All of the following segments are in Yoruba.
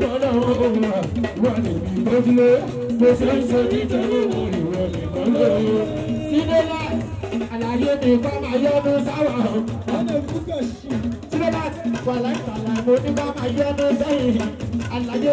bọ́dọ̀ ọ̀rọ̀ wa wà ní ìbọ́dúlé mo ṣe ń ṣe nítorí mo ìwọ nìkan lọ. sídélá àlàyé mi bá máa yọdún sáwà. sídélá wà láìpàlà mo ní bá máa yọdún sẹ́yìn. àlàyé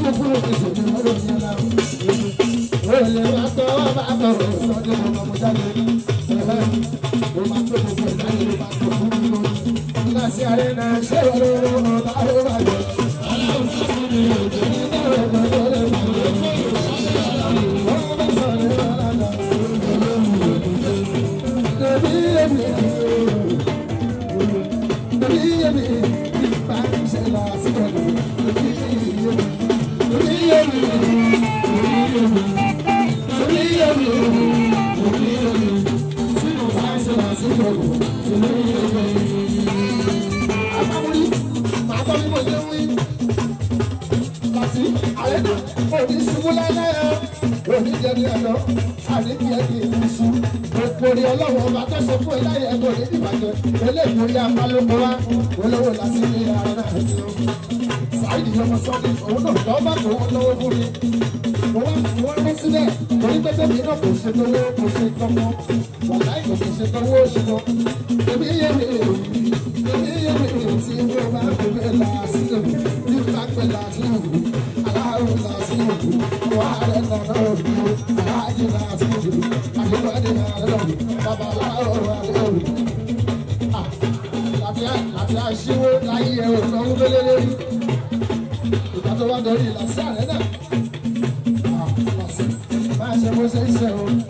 kúkúrú ti sòdì lọ́dọ̀ ní ẹ̀la o lè má tọ́ bá tọrọ sọ́dọ̀ ọmọ mo jáde o máa tó gbogbo ìdájọ́ ló máa tó fún mi lórí nígbà tí ayé náà ṣé olóró ọba ló bá jẹ. aláwọ̀ fún mi ò jẹ́ nínú ọ̀gbọ́n tó lè mú mi. wọ́n bá sọ̀rọ̀ lọ́la Tẹ̀bí ẹ̀mí tẹ̀bí ẹ̀mí ìbá ìṣẹ̀lẹ̀ àti ọ̀dọ̀ tẹ̀bí ẹ̀mí. àrí ọ̀nà àrí tiẹ̀ kì í fi su. Òpòrè ọlọ́wọ́ ọba tó ṣe fún iláyẹ̀ ẹ̀kọ́ ní ìbàjẹ́. Eléyìí orí apá wá. Olówó làásì ní ara náà ti rú. Sáìdì ọmọ sọ́ọ̀dì òun náà lọ́ bá tòun lọ́wọ́ fún mi. Mo wá mo wá rẹ́ sílẹ̀ torí pẹ́pẹ́ mi náà kò ṣe tọ́wọ́ kò ṣe tọ́mọ. Wàláì kò ṣe tọ́wọ́ ṣùgbọ́n. Èmi yé mi aṣíwó láyé ẹ ò sanwó délé lórí ìgbà tó wá dorí ìlàsí àrẹ náà máa ṣe bó ṣe ń ṣe o.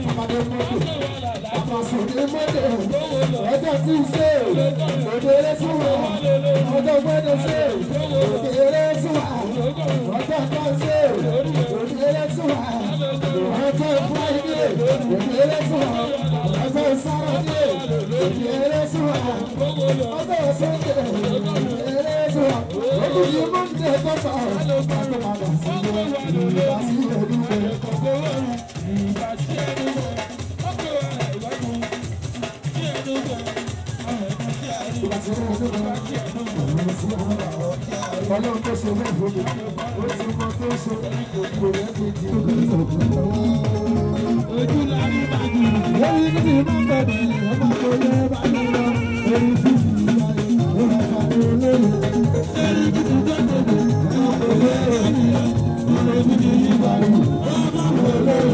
àfàsùnlé mọ́tò ọjọ́ tí ń ṣe òde eré fún wa ọjọ́ gbọ́dọ̀ ṣe òde eré fún oh, tó ṣe bẹ́ẹ̀ fún mi ó ṣe mọ tó ṣe kò rẹ́ mi jì. ojú la rí bàjẹ́ lórí títí má bẹ̀rẹ̀ ọmọ tó yẹ bàjẹ́ lọ lórí títí má bẹ̀rẹ̀ ọmọ tó yẹ bàjẹ́ lọ lórí títí má bẹ̀rẹ̀ ọmọ tó yẹ bàjẹ́ lọ lórí títí má bẹ̀rẹ̀ ọmọ tó yẹ bàjẹ́ lọ.